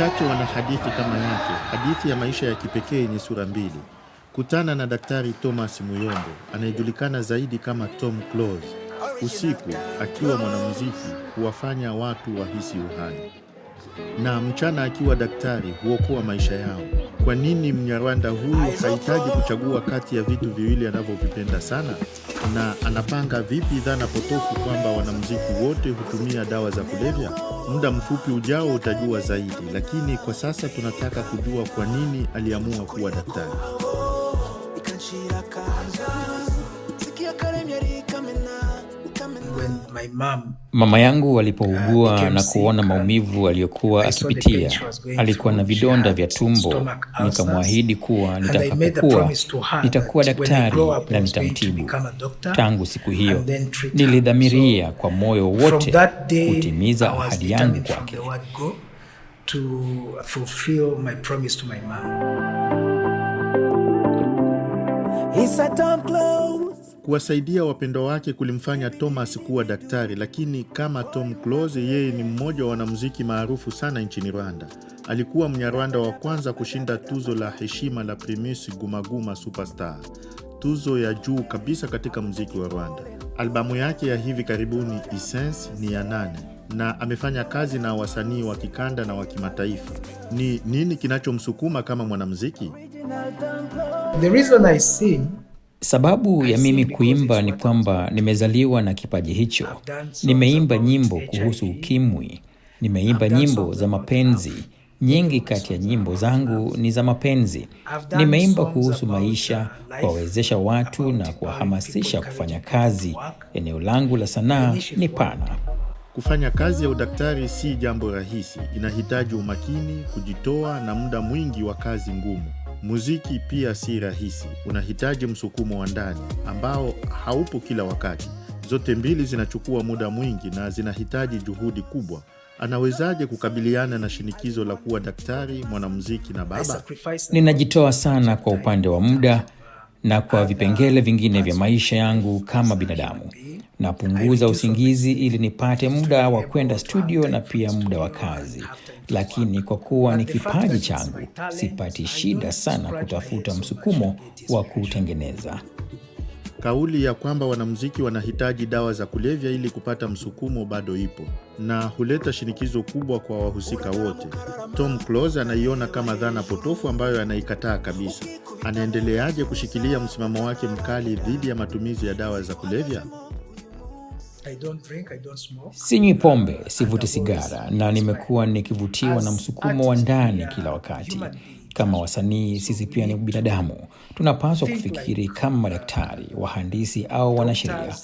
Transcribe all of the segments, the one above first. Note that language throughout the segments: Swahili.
Wachache wana hadithi kama yake, hadithi ya maisha ya kipekee yenye sura mbili. Kutana na Daktari Thomas Muyombo anayejulikana zaidi kama Tom Close. Usiku akiwa mwanamuziki huwafanya watu wahisi uhai na mchana akiwa daktari huokoa maisha yao. Kwa nini Mnyarwanda huyu hahitaji kuchagua kati ya vitu viwili anavyovipenda sana? Na anapanga vipi dhana potofu kwamba wanamuziki wote hutumia dawa za kulevya? Muda mfupi ujao utajua zaidi, lakini kwa sasa tunataka kujua kwa nini aliamua kuwa daktari. Mama yangu alipougua uh, na kuona maumivu aliyokuwa akipitia, alikuwa na vidonda vya tumbo. Nikamwahidi kuwa nitakapokuwa nitakuwa daktari na nitamtibu. Tangu siku hiyo nilidhamiria kwa moyo wote kutimiza ahadi yangu kwake kuwasaidia wapendwa wake kulimfanya Thomas kuwa daktari, lakini kama Tom Close, yeye ni mmoja wa wanamuziki maarufu sana nchini Rwanda. Alikuwa Mnyarwanda wa kwanza kushinda tuzo la heshima la Primus Gumaguma Superstar, tuzo ya juu kabisa katika muziki wa Rwanda. Albamu yake ya hivi karibuni Essence ni ya nane na amefanya kazi na wasanii wa kikanda na wa kimataifa. Ni nini kinachomsukuma kama mwanamuziki? The reason I sing Sababu ya mimi kuimba ni kwamba nimezaliwa na kipaji hicho. Nimeimba nyimbo kuhusu ukimwi, nimeimba nyimbo za mapenzi. Nyingi kati ya nyimbo zangu ni za mapenzi. Nimeimba kuhusu uh, maisha, kuwawezesha watu na kuwahamasisha kufanya kazi. Eneo langu la sanaa ni pana. Kufanya kazi ya udaktari si jambo rahisi, inahitaji umakini, kujitoa na muda mwingi wa kazi ngumu. Muziki pia si rahisi, unahitaji msukumo wa ndani ambao haupo kila wakati. Zote mbili zinachukua muda mwingi na zinahitaji juhudi kubwa. Anawezaje kukabiliana na shinikizo la kuwa daktari, mwanamuziki na baba? Ninajitoa sana kwa upande wa muda na kwa vipengele vingine vya maisha yangu kama binadamu. Napunguza usingizi ili nipate muda wa kwenda studio na pia muda wa kazi lakini kwa kuwa ni kipaji changu, sipati shida sana kutafuta msukumo wa kutengeneza. Kauli ya kwamba wanamziki wanahitaji dawa za kulevya ili kupata msukumo bado ipo na huleta shinikizo kubwa kwa wahusika wote. Tom clos anaiona kama dhana potofu ambayo anaikataa kabisa. Anaendeleaje kushikilia msimamo wake mkali dhidi ya matumizi ya dawa za kulevya? Sinywi uh, pombe, sivuti sigara, na nimekuwa nikivutiwa na msukumo wa ndani kila wakati. Kama wasanii, sisi pia ni binadamu, tunapaswa kufikiri kama madaktari, wahandisi au wanasheria.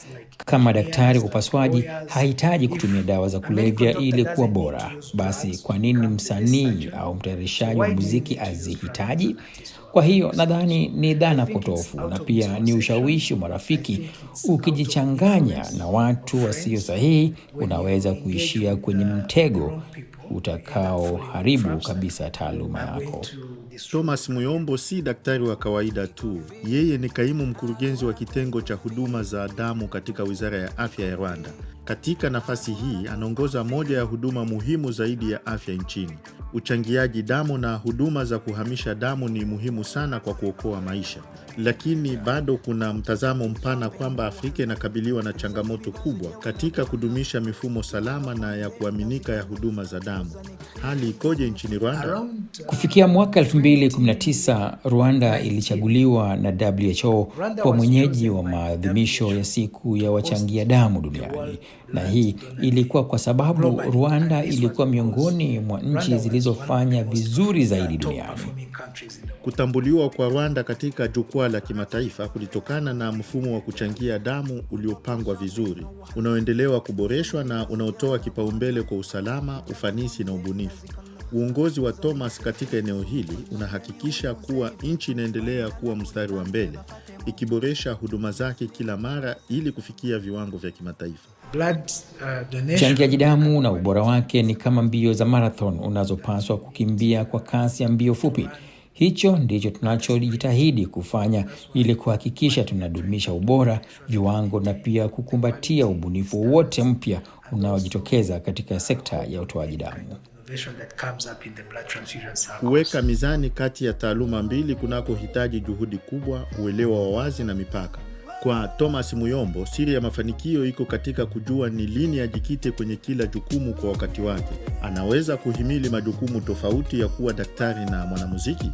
Kama daktari wa upasuaji hahitaji kutumia dawa za kulevya ili kuwa bora, basi kwa nini msanii au mtayarishaji wa muziki azihitaji? Kwa hiyo nadhani ni dhana potofu na pia ni ushawishi wa marafiki. Ukijichanganya na watu wasio sahihi, unaweza kuishia kwenye uh, mtego utakaoharibu kabisa taaluma yako. Thomas Muyombo si daktari wa kawaida tu, yeye ni kaimu mkurugenzi wa kitengo cha huduma za damu katika Wizara ya Afya ya Rwanda. Katika nafasi hii anaongoza moja ya huduma muhimu zaidi ya afya nchini. Uchangiaji damu na huduma za kuhamisha damu ni muhimu sana kwa kuokoa maisha, lakini bado kuna mtazamo mpana kwamba Afrika inakabiliwa na changamoto kubwa katika kudumisha mifumo salama na ya kuaminika ya huduma za damu. Hali ikoje nchini Rwanda? Kufikia mwaka 2019 Rwanda ilichaguliwa na WHO kwa mwenyeji wa maadhimisho ya siku ya wachangia damu duniani na hii ilikuwa kwa sababu Rwanda ilikuwa miongoni mwa nchi zilizofanya vizuri zaidi duniani. Kutambuliwa kwa Rwanda katika jukwaa la kimataifa kulitokana na mfumo wa kuchangia damu uliopangwa vizuri, unaoendelewa kuboreshwa na unaotoa kipaumbele kwa usalama, ufanisi na ubunifu. Uongozi wa Thomas katika eneo hili unahakikisha kuwa nchi inaendelea kuwa mstari wa mbele ikiboresha huduma zake kila mara ili kufikia viwango vya kimataifa. Uchangiaji uh, damu na ubora wake ni kama mbio za marathon unazopaswa kukimbia kwa kasi ya mbio fupi. Hicho ndicho tunachojitahidi kufanya ili kuhakikisha tunadumisha ubora, viwango na pia kukumbatia ubunifu wowote mpya unaojitokeza katika sekta ya utoaji damu. Kuweka mizani kati ya taaluma mbili kunakohitaji juhudi kubwa, uelewa wa wazi na mipaka. Kwa Thomas Muyombo, siri ya mafanikio iko katika kujua ni lini ajikite kwenye kila jukumu kwa wakati wake. Anaweza kuhimili majukumu tofauti ya kuwa daktari na mwanamuziki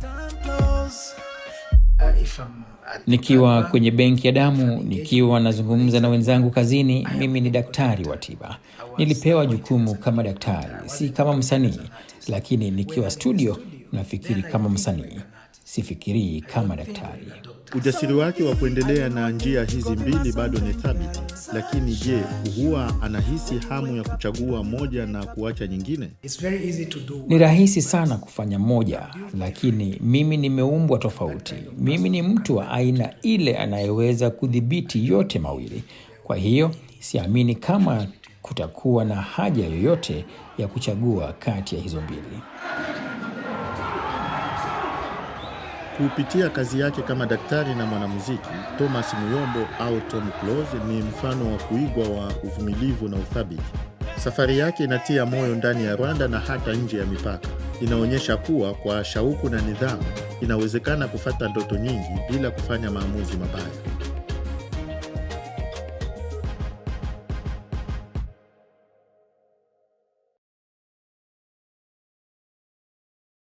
nikiwa kwenye benki ya damu, nikiwa nazungumza na wenzangu kazini. Mimi ni daktari wa tiba, nilipewa jukumu kama daktari, si kama msanii, lakini nikiwa studio nafikiri kama msanii sifikirii kama daktari. Ujasiri wake wa kuendelea na njia hizi mbili bado ni thabiti. Lakini je, huwa anahisi hamu ya kuchagua moja na kuacha nyingine? Ni rahisi sana kufanya moja, lakini mimi nimeumbwa tofauti. Mimi ni mtu wa aina ile anayeweza kudhibiti yote mawili. Kwa hiyo siamini kama kutakuwa na haja yoyote ya kuchagua kati ya hizo mbili. Kupitia kazi yake kama daktari na mwanamuziki, Thomas Muyombo au Tom Close ni mfano wa kuigwa wa uvumilivu na uthabiti. Safari yake inatia moyo ndani ya Rwanda na hata nje ya mipaka. Inaonyesha kuwa kwa shauku na nidhamu inawezekana kufata ndoto nyingi bila kufanya maamuzi mabaya.